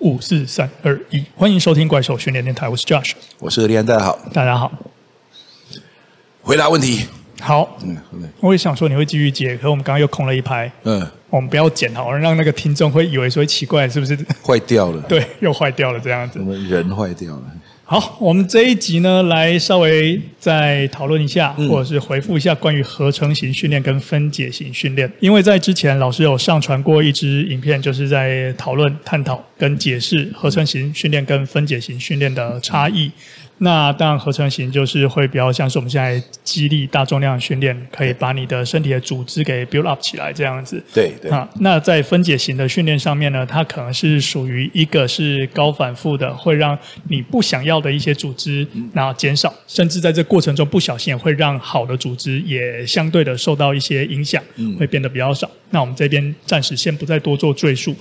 五四三二一，歡迎收聽怪獸訓練電台，我是 Josh，我是李安，大家好，大家好。回答問題，好，嗯，我也想說你會繼續接，可是我們剛剛又空了一拍，嗯，我們不要剪好，讓那個聽眾會以為說奇怪，是不是壞掉了？對，又壞掉了，這樣子，我們人壞掉了。好，我們這一集呢，來稍微再討論一下，或者是回復一下關於合成型訓練跟分解型訓練。因為在之前老師有上傳過一支影片，就是在討論、探討跟解釋合成型訓練跟分解型訓練的差異。那當然，合成型就是會比較像是我們現在激勵大重量訓練，可以把你的身體的組織給 build up 起來這樣子。對對啊，那在分解型的訓練上面呢，它可能是屬於一個是高反覆的，會讓你不想要的一些組織然後減少，甚至在這過程中不小心也會讓好的組織也相對的受到一些影響，會變得比較少。那我們這邊暫時先不再多做贅述。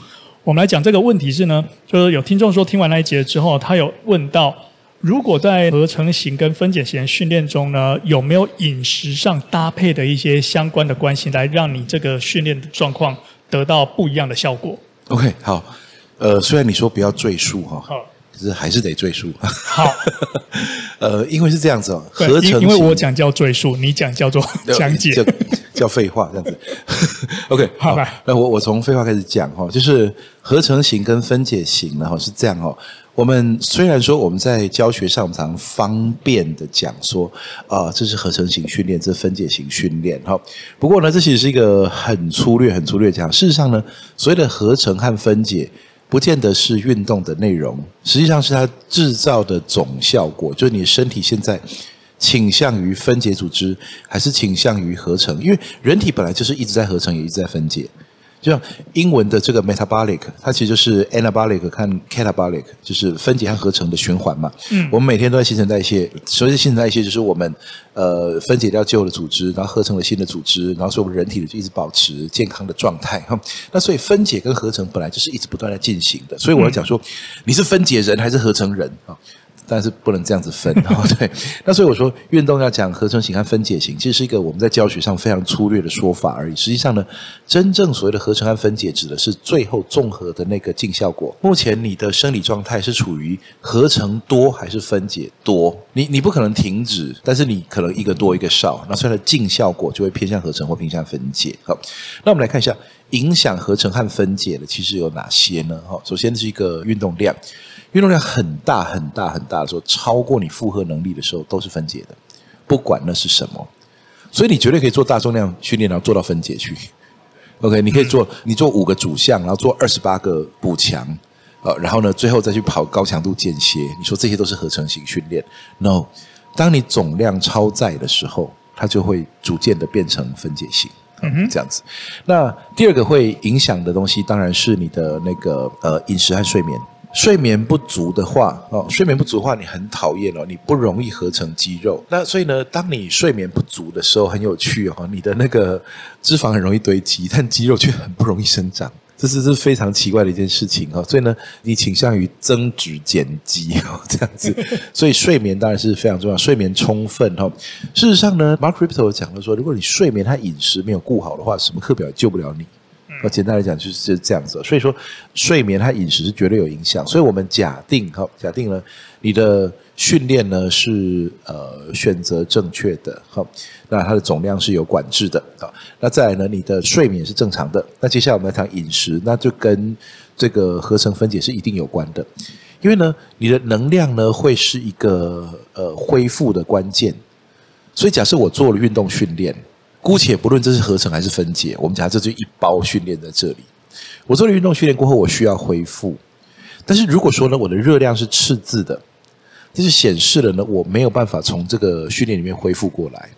我們來講這個問題是呢，就是有聽眾說聽完那一集之後，他有問到。如果在合成型跟分解型的訓練中呢，有沒有飲食上搭配的一些相關的關係，來讓你這個訓練的狀況得到不一樣的效果？OK，好，呃，雖然你說不要贅述哈，可是還是得贅述。好， 呃，因為是這樣子哦，對合成型，因為我講叫贅述，你講叫做講解，叫，叫廢話這樣子。 OK，好，好 bye 那我我從廢話開始講哈，就是合成型跟分解型，然後是這樣哦。我們雖然說我們在教學上常方便的講說，啊、呃，這是合成型訓練，這是分解型訓練，哈。不過呢，這其實是一個很粗略、很粗略講。事實上呢，所謂的合成和分解，不見得是運動的內容，實際上是它制造的總效果。就你身體現在傾向於分解組織，還是傾向於合成？因為人體本來就是一直在合成，也一直在分解。就像英文的這個 metabolic，它其實就是 anabolic，和 catabolic，就是分解和合成的循環嘛。嗯，我們每天都在新陳代謝，所以新陳代謝就是我們呃分解掉舊的組織，然後合成了新的組織，然後使我們人體就一直保持健康的狀態哈。那所以分解跟合成本來就是一直不斷在進行的，所以我要講說，嗯、你是分解人還是合成人啊？但是不能這樣子分，哈，對。那所以我說，運動要講合成型和分解型，其實是一個我們在教學上非常粗略的說法而已。實際上呢，真正所謂的合成和分解，指的是最後綜合的那個淨效果。目前你的生理狀態是處於合成多還是分解多？你你不可能停止，但是你可能一個多一個少，那雖然的淨效果就會偏向合成或偏向分解。好，那我們來看一下影響合成和分解的其實有哪些呢？哈，首先是一個運動量。運動量很大很大很大的時候，超過你負荷能力的時候，都是分解的，不管那是什麼，所以你絕對可以做大重量訓練，然後做到分解去。OK，你可以做，你做五個主項，然後做二十八個補強，呃，然後呢，最後再去跑高強度間歇。你說這些都是合成型訓練？No，當你總量超載的時候，它就會逐漸的變成分解型。嗯，這樣子。那第二個會影響的東西，當然是你的那個，呃，飲食和睡眠。睡眠不足的話，哦，睡眠不足的話，你很討厭哦，你不容易合成肌肉。那所以呢，當你睡眠不足的時候，很有趣哦，你的那個脂肪很容易堆積，但肌肉卻很不容易生長，這是這是非常奇怪的一件事情哦。所以呢，你傾向於增脂減肌哦，這樣子。所以睡眠當然是非常重要，睡眠充分哦。事實上呢，Mark Rippetoe 講了說，如果你睡眠，他飲食沒有顧好的話，什麼課表也救不了你。我簡單來講就是，就是這樣子，所以說睡眠和飲食是絕對有影響。所以我們假定，好，假定了你的訓練呢是呃選擇正確的，好，那它的總量是有管制的，好，那再來呢，你的睡眠是正常的。那接下來我們來談飲食，那就跟這個合成分解是一定有關的，因為呢，你的能量呢會是一個呃恢復的關鍵。所以假設我做了運動訓練。姑且不論這是合成還是分解，我們講這就一包訓練在這裡。我做了運動訓練過後，我需要恢復。但是如果說呢，我的熱量是赤字的，這就顯示了呢，我沒有辦法從這個訓練裡面恢復過來。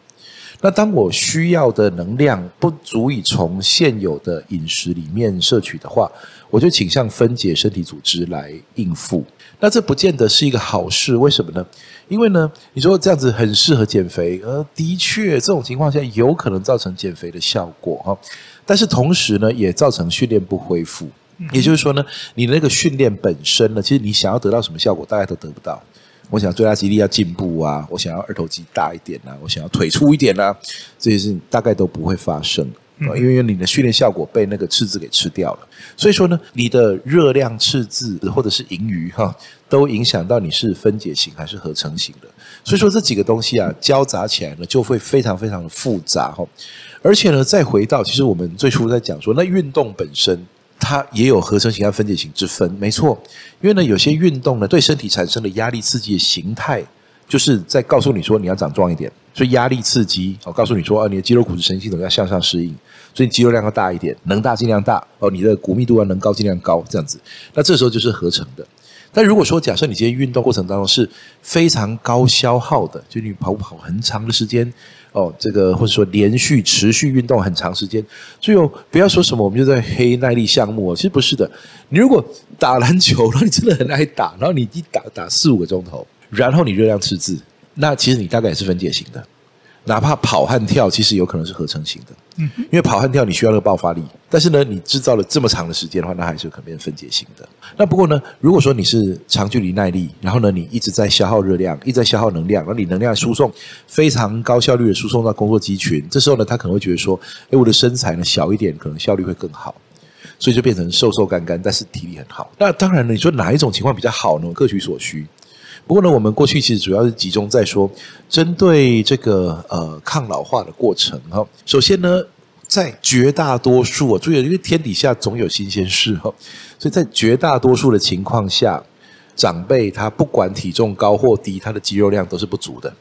那當我需要的能量不足以從現有的飲食裡面攝取的話，我就傾向分解身體組織來應付。那這不見得是一個好事，為什麼呢？因為呢，你說這樣子很適合減肥，而、呃、的確這種情況下有可能造成減肥的效果哈。但是同時呢，也造成訓練不恢復。也就是說呢，你那個訓練本身呢，其實你想要得到什麼效果，大概都得不到。我想最大肌力要進步啊，我想要二頭肌大一點啊，我想要腿粗一點啊，這些事情大概都不會發生。因為你的訓練效果被那個赤字給吃掉了，所以說呢，你的熱量赤字或者是盈餘哈，都影響到你是分解型還是合成型的。所以說這幾個東西啊，交雜起來呢，就會非常非常的複雜哈。而且呢，再回到其實我們最初在講說，那運動本身它也有合成型和分解型之分，沒錯。因為呢，有些運動呢，對身體產生的壓力刺激的形態，就是在告訴你說你要長壯一點，所以壓力刺激，我告訴你說啊，你的肌肉骨質神經系統要向上適應。所以肌肉量要大一點，能大盡量大哦。你的骨密度要能高盡量高，這樣子。那這時候就是合成的。但如果說假設你今天運動過程當中是非常高消耗的，就你跑不跑很長的時間哦，這個或者說連續持續運動很長時間，所以不要說什麼我們就在黑耐力項目哦。其實不是的，你如果打籃球，然後你真的很愛打，然後你一打打四五個鐘頭，然後你熱量赤字，那其實你大概也是分解型的。哪怕跑和跳，其實有可能是合成型的，嗯，因為跑和跳你需要那個爆發力，但是呢，你製造了這麼長的時間的話，那還是有可能變成分解型的。那不過呢，如果說你是長距離耐力，然後呢，你一直在消耗熱量，一直在消耗能量，那你能量輸送非常高效率的輸送到工作肌群，這時候呢，他可能會覺得說，誒，我的身材呢，小一點，可能效率會更好，所以就變成瘦瘦乾乾，但是體力很好。那當然了，你說哪一種情況比較好呢？各取所需。不過呢，我們過去其實主要是集中在說，針對這個呃抗老化的過程哈。首先呢，在絕大多數，啊，注意了，因為天底下總有新鮮事哈，所以在絕大多數的情況下，長輩他不管體重高或低，他的肌肉量都是不足的。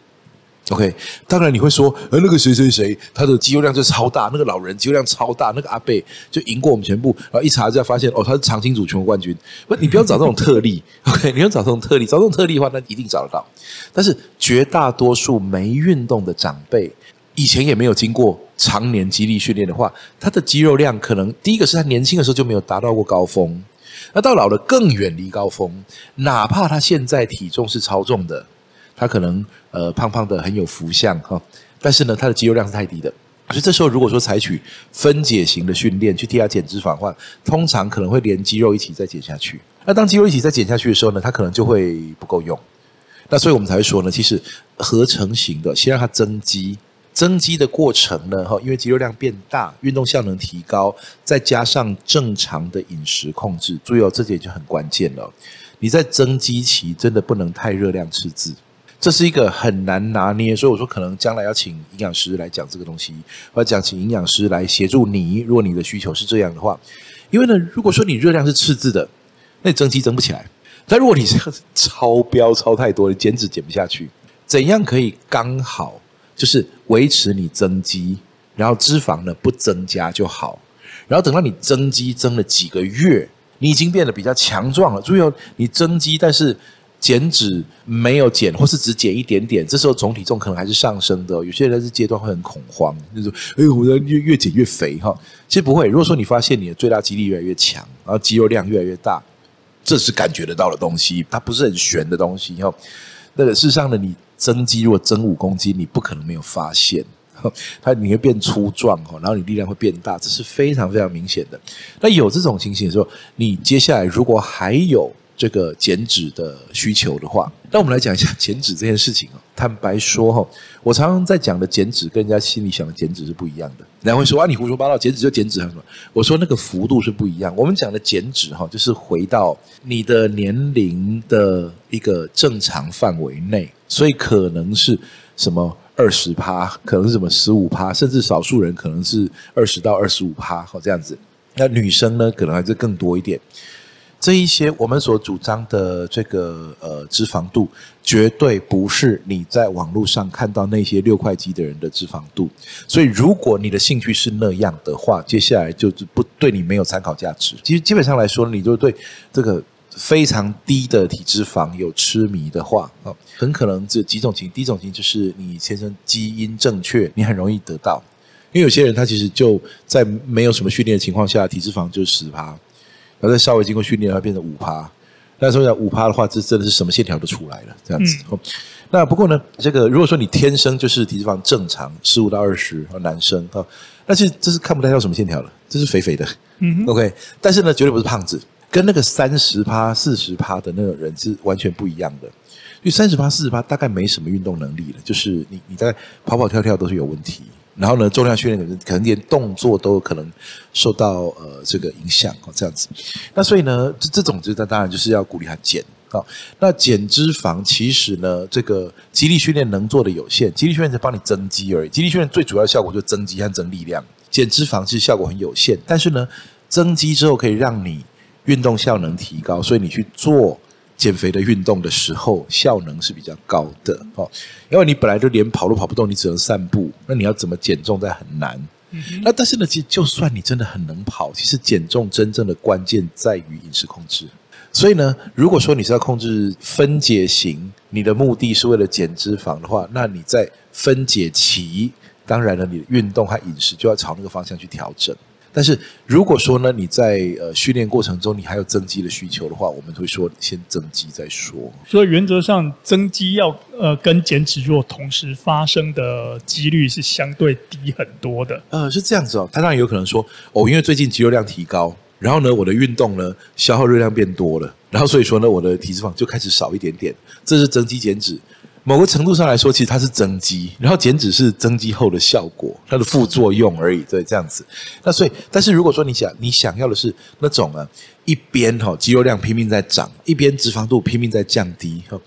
OK，當然你會說，呃，那個誰誰誰，他的肌肉量就超大，那個老人肌肉量超大，那個阿伯就贏過我們全部。然後一查就發現哦，他是長青組全國冠軍。不，你不要找這種特例 ，OK？你要找這種特例，找這種特例的話，那一定找得到。但是絕大多數沒運動的長輩，以前也沒有經過常年肌力訓練的話，他的肌肉量可能第一個是他年輕的時候就沒有達到過高峰，那到老了更遠離高峰。哪怕他現在體重是超重的。他可能呃胖胖的，很有福相哈，但是呢，他的肌肉量是太低的。所以這時候如果說，採取分解型的訓練去替他減脂肪的話，通常可能會連肌肉一起再減下去。那當肌肉一起再減下去的時候呢，他可能就會不夠用。那所以我們才會說呢，其實合成型的先讓他增肌，增肌的過程呢，哈，因為肌肉量變大，運動效能提高，再加上正常的飲食控制，注意哦，這點就很關鍵了。你在增肌期真的不能太熱量赤字。這是一個很難拿捏，所以我說可能將來要請營養師來講這個東西，我要講請營養師來協助你。如果你的需求是這樣的話，因為呢，如果說你熱量是赤字的，那你增肌增不起來；但如果你是超標超太多，你減脂減不下去。怎樣可以剛好就是維持你增肌，然後脂肪呢不增加就好。然後等到你增肌增了幾個月，你已經變得比較強壯了。注意哦，你增肌但是。減脂沒有減，或是只減一點點，這時候總體重可能還是上升的、哦。有些人這階段會很恐慌，就是、說：“哎，我越越減越肥哈、哦！”其實不會。如果說你發現你的最大肌力越來越強，然後肌肉量越來越大，這是感覺得到的東西，它不是很玄的東西。然、哦、那事實上呢，你增肌如果增五公斤，你不可能沒有發現，哦、它你會變粗壯哦，然後你力量會變大，這是非常非常明顯的。那有這種情形的時候，你接下來如果還有。這個減脂的需求的話，那我們來講一下減脂這件事情。坦白說哈，我常常在講的減脂跟人家心裡想的減脂是不一樣的。人家會說啊，你胡說八道，減脂就減脂很多，我說那個幅度是不一樣。我們講的減脂哈，就是回到你的年齡的一個正常範圍內，所以可能是什麼二十趴，可能是什麼十五趴，甚至少數人可能是二十到二十五趴，這樣子。那女生呢，可能還是更多一點。這一些我們所主張的這個呃脂肪度，絕對不是你在網絡上看到那些六塊肌的人的脂肪度。所以如果你的興趣是那樣的話，接下來就是不對，你沒有參考價值。其實基本上來說，你如果對這個非常低的體脂肪有痴迷的話，很可能這幾種情，第一種情就是你先生基因正確，你很容易得到。因為有些人他其實就在沒有什麼訓練的情況下，體脂肪就是十趴。然後再稍微經過訓練，它變成五趴。但是我講五趴的話，這真的是什麼線條都出來了，這樣子。嗯、那不過呢，這個如果說你天生就是體脂肪正常十五到二十，啊，男生那其實這是看不太到什麼線條了，這是肥肥的。嗯哼 OK，但是呢，絕對不是胖子，跟那個三十趴、四十趴的那個人是完全不一樣的。因為三十趴、四十趴大概沒什麼運動能力了，就是你你大概跑跑跳跳都是有問題。然後呢，重量訓練可能可能連動作都可能受到呃這個影響哦，這樣子。那所以呢，這這種就是當然就是要鼓勵他減哦，那減脂肪其實呢，這個肌力訓練能做的有限，肌力訓練只幫你增肌而已。肌力訓練最主要的效果就是增肌和增力量，減脂肪其實效果很有限。但是呢，增肌之後可以讓你運動效能提高，所以你去做。減肥的運動的時候效能是比較高的哦，因為你本來就連跑都跑不動，你只能散步，那你要怎麼減重在很難。那但是呢，其實就算你真的很能跑，其實減重真正的關鍵在於飲食控制。所以呢，如果說你是要控制分解型，你的目的是為了減脂肪的話，那你在分解期，當然了，你的運動和飲食就要朝那個方向去調整。但是如果說呢，你在呃訓練過程中你還有增肌的需求的話，我們會說先增肌再說。所以原則上增肌要呃跟減脂若同時發生的幾率是相對低很多的。呃，是這樣子哦，他當然有可能說哦，因為最近肌肉量提高，然後呢我的運動呢消耗熱量變多了，然後所以說呢我的體脂肪就開始少一點點，這是增肌減脂。某個程度上來說，其實它是增肌，然後減脂是增肌後的效果，它的副作用而已。對，這樣子。那所以，但是如果說你想你想要的是那種啊，一邊哈、哦、肌肉量拼命在漲，一邊脂肪度拼命在降低哈，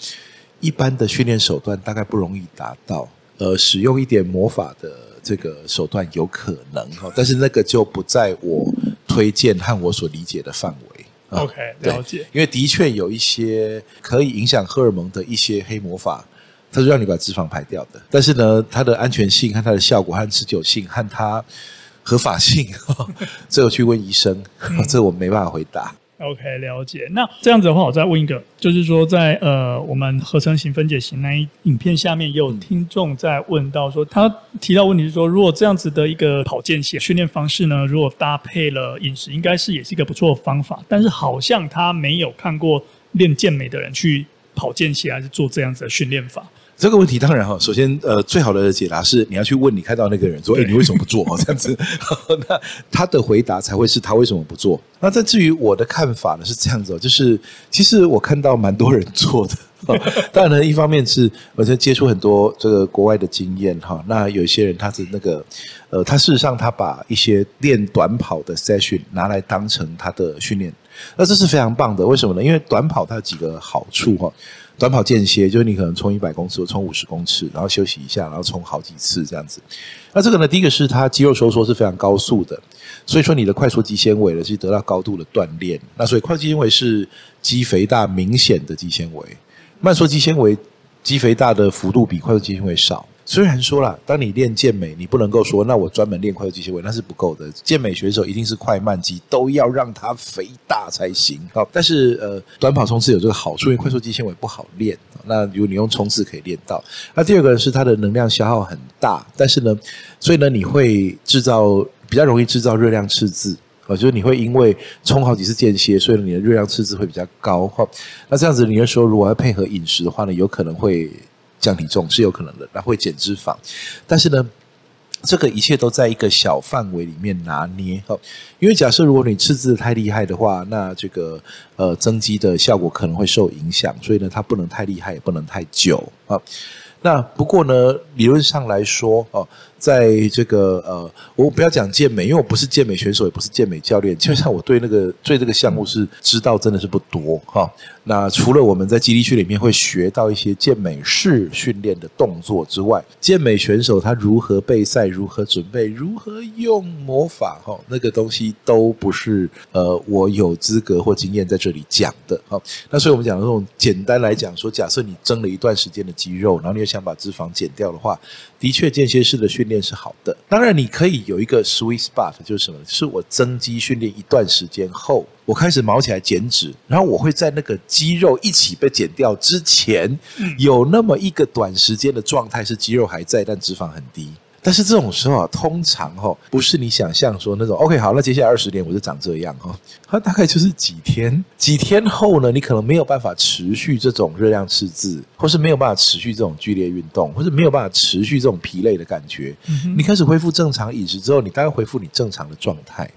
一般的訓練手段大概不容易達到。呃，使用一點魔法的這個手段有可能哈，但是那個就不在我推薦和我所理解的範圍。OK，對了解。因為的確有一些可以影響荷爾蒙的一些黑魔法。他是讓你把脂肪排掉的，但是呢，它的安全性、和它的效果、和持久性、和它合法性，只有 去問醫生，這我沒辦法回答。OK，了解。那這樣子的話，我再問一個，就是說在，在呃，我們合成型、分解型那一影片下面，也有聽眾在問到說，嗯、他提到問題是說，如果這樣子的一個跑間歇訓練方式呢，如果搭配了飲食，應該是也是一個不錯的方法，但是好像他沒有看過練健美的人去跑間歇，還是做這樣子的訓練法。這個問題當然哈，首先呃，最好的解答是你要去問你看到那個人說：“誒，你為什麼不做？”這樣子，那他的回答才會是他為什麼不做。那在至於我的看法呢，是這樣子，就是其實我看到蠻多人做的。當然呢，一方面是我在接觸很多這個國外的經驗哈，那有些人他是那個呃，他事實上他把一些練短跑的 session 拿來當成他的訓練，那這是非常棒的。為什麼呢？因為短跑它有幾個好處哈。短跑間歇就是你可能衝一百公尺或衝五十公尺，然後休息一下，然後衝好幾次這樣子。那這個呢，第一個是它肌肉收縮是非常高速的，所以說你的快速肌纖維呢是得到高度的鍛鍊。那所以快速肌纖維是肌肥大明顯的肌纖維，慢縮肌纖維肌肥大的幅度比快速肌纖維少。雖然說啦，當你練健美，你不能夠說那我專門練快速肌纖維，那是不夠的。健美選手一定是快慢肌都要讓它肥大才行。好，但是呃，短跑衝刺有這個好處，因為快速肌纖維不好練。好，那如果你用衝刺可以練到。那第二個是它的能量消耗很大，但是呢，所以呢，你會製造比較容易制造熱量赤字啊，就是你會因為衝好幾次間歇，所以你的熱量赤字會比較高。好，那這樣子，你要說如果要配合飲食的話呢，有可能會。降體重是有可能的，那會減脂肪，但是呢，這個一切都在一個小範圍裡面拿捏哦。因為假設如果你赤字太厲害的話，那這個呃增肌的效果可能會受影響，所以呢，它不能太厲害，也不能太久啊。那不過呢，理論上來說哦。在這個呃，我不要講健美，因為我不是健美選手，也不是健美教練。就像我對那個對這個項目是知道，真的是不多哈、哦。那除了我們在基地區裡面會學到一些健美式訓練的動作之外，健美選手他如何備賽、如何準備、如何用魔法哈、哦，那個東西都不是呃，我有資格或經驗在這裡講的哈、哦。那所以我們講的這種簡單來講說，假設你增了一段時間的肌肉，然後你又想把脂肪減掉的話，的確間歇式的訓練。練是好的，當然你可以有一個 sweet spot，就是什麼？就是我增肌訓練一段時間後，我開始毛起來減脂，然後我會在那個肌肉一起被減掉之前，嗯、有那麼一個短時間的狀態是肌肉還在，但脂肪很低。但是這種時候啊，通常哈、哦、不是你想象說那種 OK 好，那接下來二十年我就長這樣哈、哦，它大概就是幾天，幾天後呢，你可能沒有辦法持續這種熱量赤字，或是沒有辦法持續這種劇烈運動，或是沒有辦法持續這種疲累的感覺。你開始恢復正常飲食之後，你大概恢復你正常的狀態。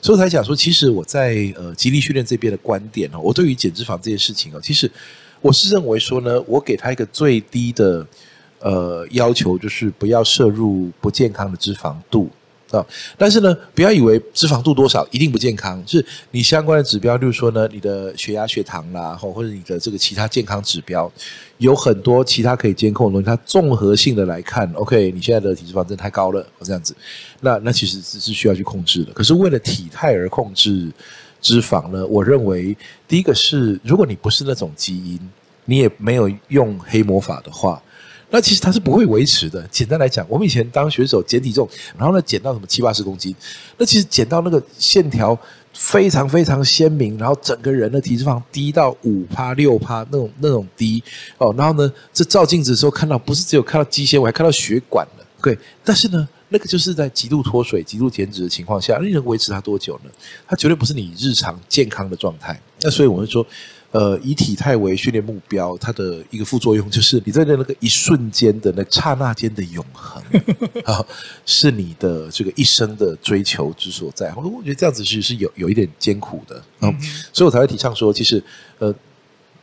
所以我才想說，其實我在呃，肌力訓練這邊的觀點哦，我對於減脂肪這件事情啊，其實我是認為說呢，我給他一個最低的。呃，要求就是不要攝入不健康的脂肪度啊，但是呢，不要以為脂肪度多少一定不健康，是你相關的指標，就是說呢，你的血壓、血糖啦，或或者你的這個其他健康指標，有很多其他可以監控的東西。它綜合性的來看，OK，你現在的體脂肪真的太高了，這樣子，那那其實是是需要去控制的。可是為了體態而控制脂肪呢，我認為第一個是，如果你不是那種基因，你也沒有用黑魔法的話。那其實它是不會維持的。簡單來講，我們以前當選手減體重，然後呢，減到什麼七八十公斤，那其實減到那個線條非常非常鮮明，然後整個人的體脂肪低到五趴六趴那種那種低哦，然後呢，這照鏡子的時候看到不是只有看到肌纖維，我還看到血管了，對。但是呢，那個就是在極度脫水、極度減脂的情況下，你能維持它多久呢？它絕對不是你日常健康的狀態。那所以我們說。嗯呃，以體態為訓練目標，它的一個副作用就是你在那那個一瞬間的那剎那間的永恆哈，是你的這個一生的追求之所在。我我覺得這樣子其實是有有一點艱苦的，嗯，所以我才會提倡說，其實呃，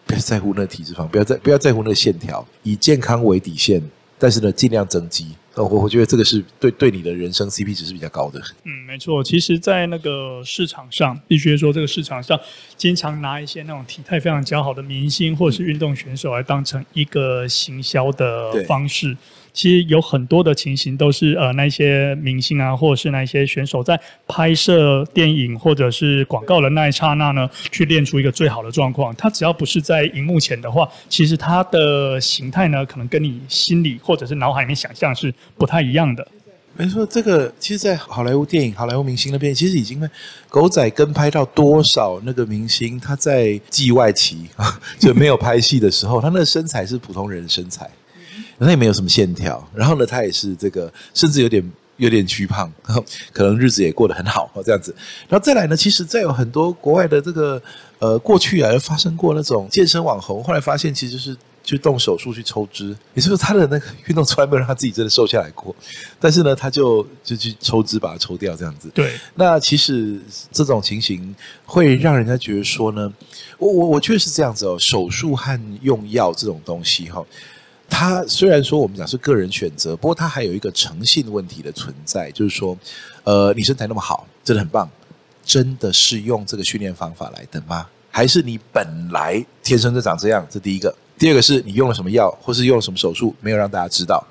不要在乎那個體脂肪，不要在不要在乎那個線條，以健康為底線。但是呢，盡量增肌，我我覺得這個是對對你的人生 CP 值是比較高的。嗯，沒錯，其實，在那個市場上，必須說這個市場上經常拿一些那種體態非常姣好的明星或是運動選手來當成一個行銷的方式。其實有很多的情形都是呃那些明星啊，或者是那些選手在拍攝電影或者是廣告的那一剎那呢，去練出一個最好的狀況。他只要不是在螢幕前的話，其實他的形態呢，可能跟你心裡或者是腦海裡想象是不太一樣的。沒錯，這個其實，在好萊塢電影、好萊塢明星那邊，其實已經被狗仔跟拍到多少那個明星他在劇外期就沒有拍戲的時候， 他那個身材是普通人的身材。他也沒有什麼線條，然後呢，他也是這個，甚至有點有點虛胖，可能日子也過得很好這樣子。然後再來呢，其實再有很多國外的這個呃過去啊，發生過那種健身網紅，後來發現其實就是去動手術去抽脂，也就是他的那個運動從來沒有讓他自己真的瘦下來過，但是呢，他就就去抽脂把它抽掉，這樣子。對，那其實這種情形會讓人家覺得說呢，我我我確實這樣子哦，手術和用藥這種東西哈、哦。他雖然說我們講是個人選擇，不過他還有一個誠信問題的存在，就是說，呃，你身材那麼好，真的很棒，真的是用這個訓練方法來的嗎？還是你本來天生就長這樣？這第一個，第二個是你用了什麼藥，或是用了什麼手術，沒有讓大家知道，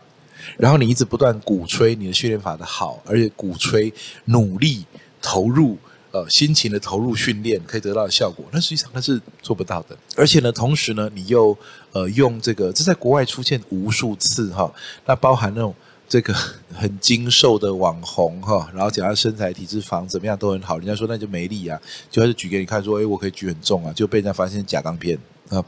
然後你一直不斷鼓吹你的訓練法的好，而且鼓吹努力投入。呃，辛勤的投入訓練可以得到的效果，那實際上那是做不到的。而且呢，同時呢，你又呃用這個，這在國外出現無數次哈、哦，那包含那種。這個很精瘦的網紅哈，然後講他身材、體脂肪怎麼樣都很好，人家說那就沒力啊，就他就舉給你看說，哎，我可以舉很重啊，就被人家發現假鋼片啊。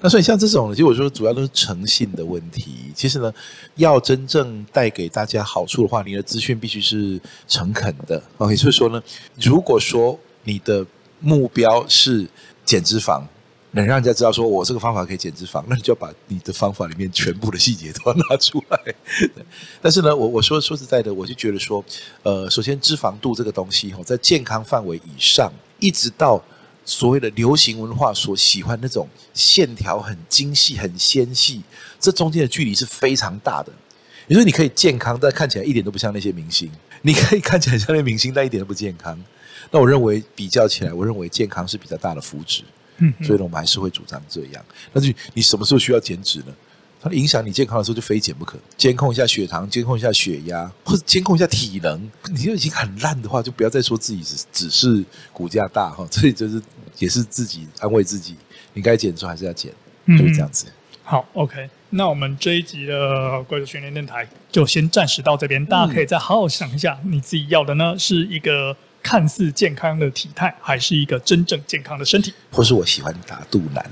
那所以像這種，其實我說主要都是誠信的問題。其實呢，要真正帶給大家好處的話，你的資訊必須是誠懇的。OK，所以說呢，如果說你的目標是減脂肪。能讓人家知道說我這個方法可以減脂肪，那你就要把你的方法裡面全部的細節都要拿出來。但是呢，我我說說實在的，我就覺得說，呃，首先脂肪度這個東西哈、哦，在健康範圍以上，一直到所謂的流行文化所喜歡那種線條很精細、很纖細，這中間的距離是非常大的。也就是你可以健康，但看起來一點都不像那些明星；你可以看起來像那些明星，但一點都不健康。那我認為比較起來，我認為健康是比較大的福祉。嗯，所以呢，我們還是會主張這樣。那就你什麼時候需要減脂呢？它影響你健康的時候，就非減不可。監控一下血糖，監控一下血壓，或者監控一下體能。你就已經很爛的話，就不要再說自己只只是骨架大哈。這裡就是也是自己安慰自己，你該減的時候還是要減，嗯，就是這樣子好。好，OK，那我們這一集的怪獸訓練電台就先暫時到這邊。大家可以再好好想一下，你自己要的呢是一個看似健康的體態，還是一個真正健康的身體，或是我喜歡打肚腩。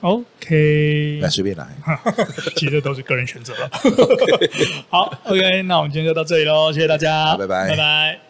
OK，來隨便來，其實都是個人選擇了。Okay 好，OK，那我們今天就到這裡嘍，謝謝大家，拜拜，拜拜。